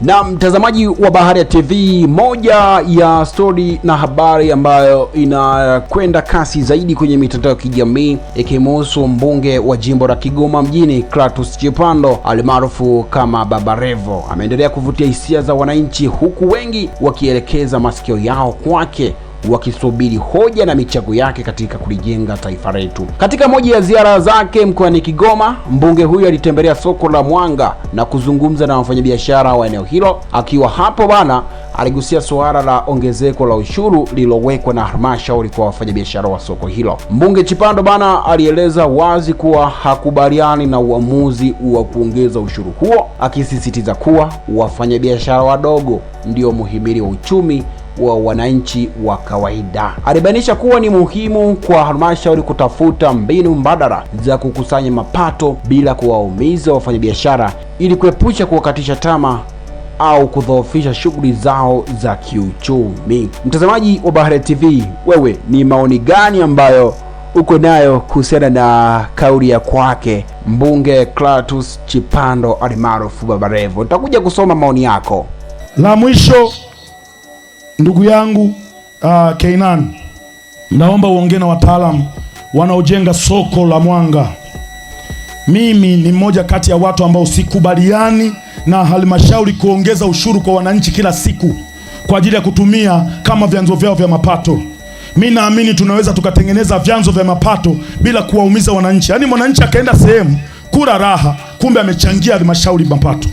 Na mtazamaji wa Baharia TV, moja ya stori na habari ambayo inakwenda kasi zaidi kwenye mitandao ya kijamii ikimuhusu mbunge wa jimbo la Kigoma mjini Clatous Chipando alimaarufu kama Baba Levo ameendelea kuvutia hisia za wananchi, huku wengi wakielekeza masikio yao kwake wakisubiri hoja na michango yake katika kulijenga taifa letu. Katika moja ya ziara zake mkoani Kigoma, mbunge huyo alitembelea soko la Mwanga na kuzungumza na wafanyabiashara wa eneo hilo. Akiwa hapo bana, aligusia suala la ongezeko la ushuru lililowekwa na halmashauri kwa wafanyabiashara wa soko hilo. Mbunge Chipando bana alieleza wazi kuwa hakubaliani na uamuzi wa kuongeza ushuru huo, akisisitiza kuwa wafanyabiashara wadogo ndio muhimili wa uchumi wa wananchi wa kawaida. Alibainisha kuwa ni muhimu kwa halmashauri kutafuta mbinu mbadala za kukusanya mapato bila kuwaumiza wafanyabiashara ili kuepusha kuwakatisha tamaa au kudhoofisha shughuli zao za kiuchumi. Mtazamaji wa Bahari TV, wewe ni maoni gani ambayo uko nayo kuhusiana na kauli ya kwake mbunge Clatous Chipando almaarufu Baba Levo? Nitakuja kusoma maoni yako. La mwisho Ndugu yangu uh, ah, Keinan, naomba uongee na wataalamu wanaojenga soko la Mwanga. Mimi ni mmoja kati ya watu ambao sikubaliani na halmashauri kuongeza ushuru kwa wananchi kila siku kwa ajili ya kutumia kama vyanzo vyao vya mapato. Mi naamini tunaweza tukatengeneza vyanzo vya mapato bila kuwaumiza wananchi, yaani mwananchi akaenda sehemu kula raha, kumbe amechangia halmashauri mapato.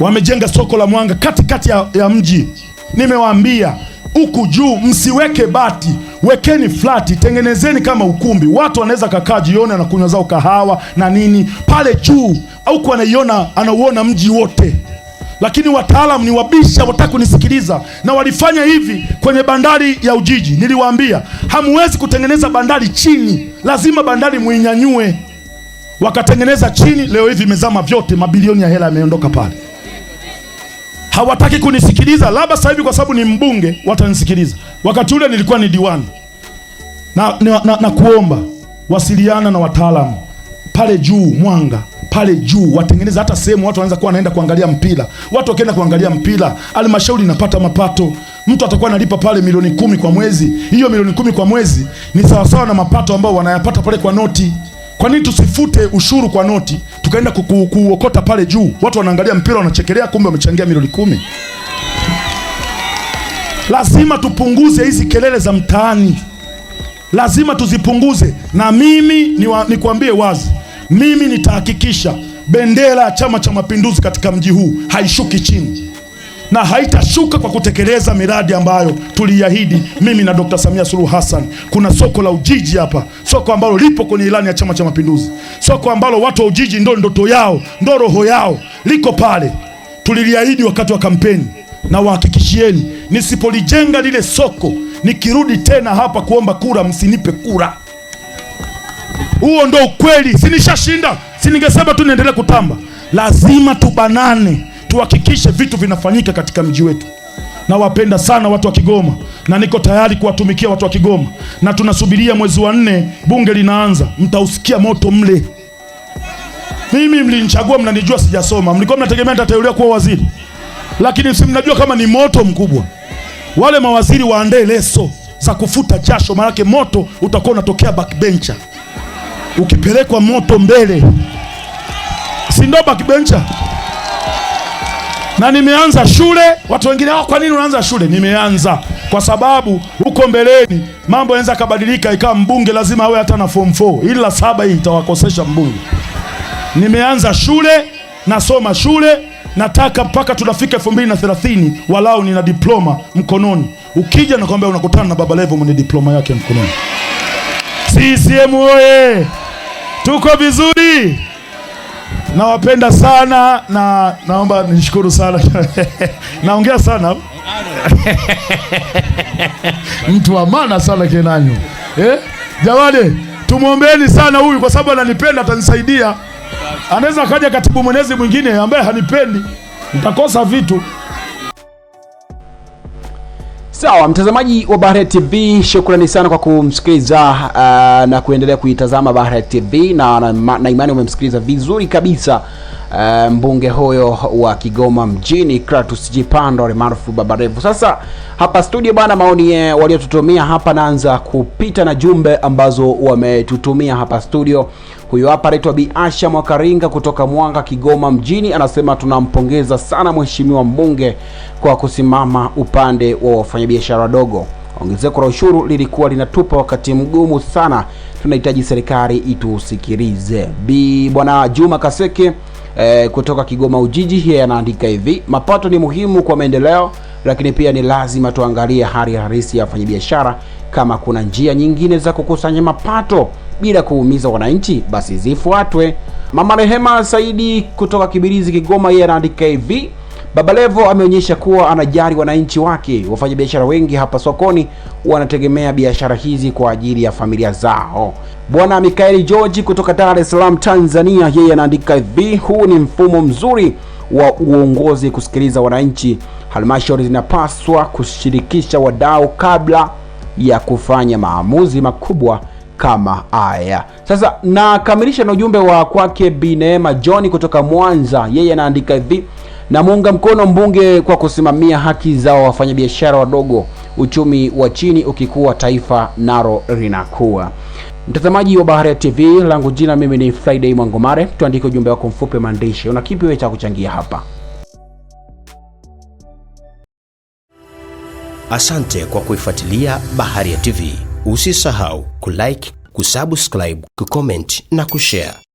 Wamejenga soko la Mwanga katikati kati ya, ya mji nimewaambia huku juu msiweke bati, wekeni flati, tengenezeni kama ukumbi. Watu wanaweza kakaa jioni, anakunywa zao kahawa na nini pale juu, kwa anaiona anauona mji wote. Lakini wataalamu ni wabisha, wataka kunisikiliza, na walifanya hivi kwenye bandari ya Ujiji. Niliwaambia hamuwezi kutengeneza bandari chini, lazima bandari muinyanyue. Wakatengeneza chini, leo hivi imezama vyote, mabilioni ya hela yameondoka pale hawataki kunisikiliza. Labda sasa hivi kwa sababu ni mbunge watanisikiliza, wakati ule nilikuwa ni diwani. Na, na, na, na kuomba wasiliana na wataalamu pale juu Mwanga pale juu watengeneza hata sehemu watu wanaanza kuwa wanaenda kuangalia mpira. Watu wakienda kuangalia mpira, halmashauri inapata mapato. Mtu atakuwa analipa pale milioni kumi kwa mwezi. Hiyo milioni kumi kwa mwezi ni sawasawa na mapato ambayo wanayapata pale kwa noti. Kwa nini tusifute ushuru kwa noti? tukaenda kuokota pale juu, watu wanaangalia mpira wanachekelea, kumbe wamechangia milioni kumi. Lazima tupunguze hizi kelele za mtaani, lazima tuzipunguze. Na mimi nikuambie ni wazi, mimi nitahakikisha bendera ya Chama cha Mapinduzi katika mji huu haishuki chini na haitashuka kwa kutekeleza miradi ambayo tuliahidi mimi na Dr. Samia Suluhu Hassan. Kuna soko la Ujiji hapa, soko ambalo lipo kwenye ilani ya Chama cha Mapinduzi, soko ambalo watu wa Ujiji ndo ndoto yao, ndo roho yao, liko pale. Tuliliahidi wakati wa kampeni, na wahakikishieni, nisipolijenga lile soko, nikirudi tena hapa kuomba kura, msinipe kura. Huo ndo ukweli. Sinishashinda, siningesema tu niendelee kutamba. Lazima tubanane, tuhakikishe vitu vinafanyika katika mji wetu. Nawapenda sana watu wa Kigoma na niko tayari kuwatumikia watu wa Kigoma, na tunasubiria mwezi wa nne bunge linaanza, mtausikia moto mle. Mimi mlinichagua, mnanijua sijasoma, mlikuwa mnategemea nitateuliwa kuwa waziri, lakini si mnajua kama ni moto mkubwa. Wale mawaziri waandae leso za kufuta jasho, maanake moto utakuwa unatokea backbencher. Ukipelekwa moto mbele, si ndo backbencher na nimeanza shule. Watu wengine wao, ah, kwa nini unaanza shule? Nimeanza kwa sababu huko mbeleni mambo yanaweza kabadilika, ikawa mbunge lazima awe hata na form 4 ili la saba, hii itawakosesha mbunge. Nimeanza shule, nasoma shule, nataka mpaka tunafika elfu mbili na thelathini walau nina diploma mkononi. Ukija nakwambia unakutana na Baba Levo mwenye diploma yake mkononi. CCM oye! Eh! Tuko vizuri. Nawapenda sana na naomba nishukuru sana naongea sana mtu wa maana sana Kenanyo eh? Jamani, tumwombeeni sana huyu kwa sababu ananipenda, atanisaidia. Anaweza kaja katibu mwenezi mwingine ambaye hanipendi, nitakosa vitu. Sawa mtazamaji wa bahari TV, shukrani sana kwa kumsikiliza uh, na kuendelea kuitazama bahari TV na, na, na imani umemsikiliza vizuri kabisa uh, mbunge huyo wa Kigoma mjini kratus jipando maarufu Baba Sasa hapa studio bana, maoni waliotutumia hapa, naanza kupita na jumbe ambazo wametutumia hapa studio. Huyo hapa anaitwa Bi Asha Mwakaringa kutoka Mwanga, Kigoma mjini, anasema tunampongeza sana mheshimiwa mbunge kwa kusimama upande wa wafanyabiashara wadogo Ongezeko la ushuru lilikuwa linatupa wakati mgumu sana, tunahitaji serikali itusikilize. Bi Bwana Juma Kaseke e, kutoka Kigoma Ujiji, yeye anaandika hivi: mapato ni muhimu kwa maendeleo, lakini pia ni lazima tuangalie hali halisi ya wafanyabiashara, kama kuna njia nyingine za kukusanya mapato bila kuumiza wananchi, basi zifuatwe. Mama Rehema Saidi kutoka Kibirizi, Kigoma, yeye anaandika hivi: Baba Levo ameonyesha kuwa anajali wananchi wake. Wafanyabiashara wengi hapa sokoni wanategemea biashara hizi kwa ajili ya familia zao. Bwana Mikaeli George kutoka Dar es Salaam, Tanzania, yeye anaandika hivi: huu ni mfumo mzuri wa uongozi kusikiliza wananchi. Halmashauri zinapaswa kushirikisha wadau kabla ya kufanya maamuzi makubwa kama haya. Sasa nakamilisha na ujumbe wa kwake Bi Neema John kutoka Mwanza. Yeye anaandika hivi: namuunga mkono mbunge kwa kusimamia haki za wafanyabiashara wadogo, uchumi wa chini ukikuwa, taifa naro linakuwa. Mtazamaji wa Baharia TV, langu jina mimi ni Friday Mwangomare. Tuandike ujumbe wako mfupi maandishi, una kipi wewe cha kuchangia hapa? Asante kwa kuifuatilia Baharia TV. Usisahau kulike, kusubscribe, kucomment na kushare.